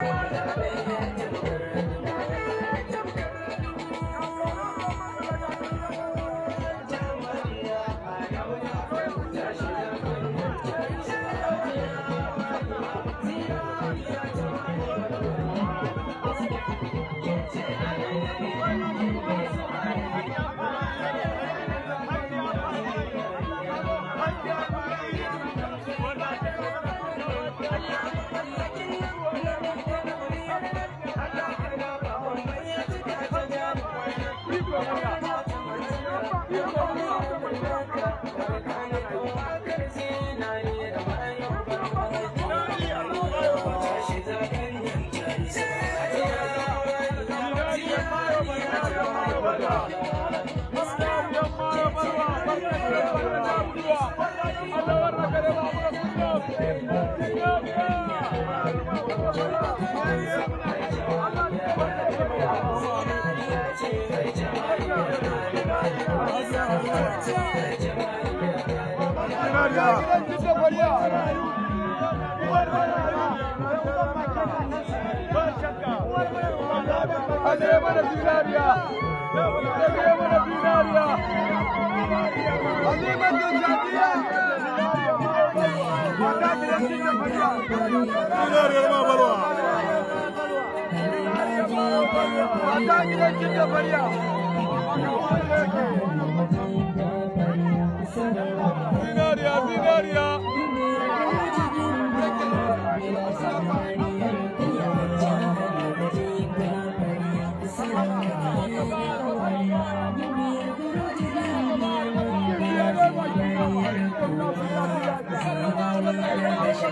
啊！Hadi bana Zülal ya. Zinariya, Zinariya.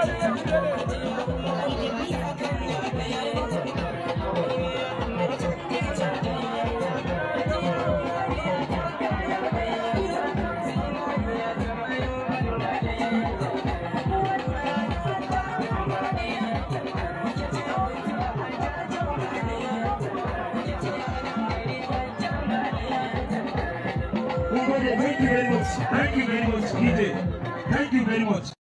Thank you very much. Thank you very much, DJ. Thank you very much.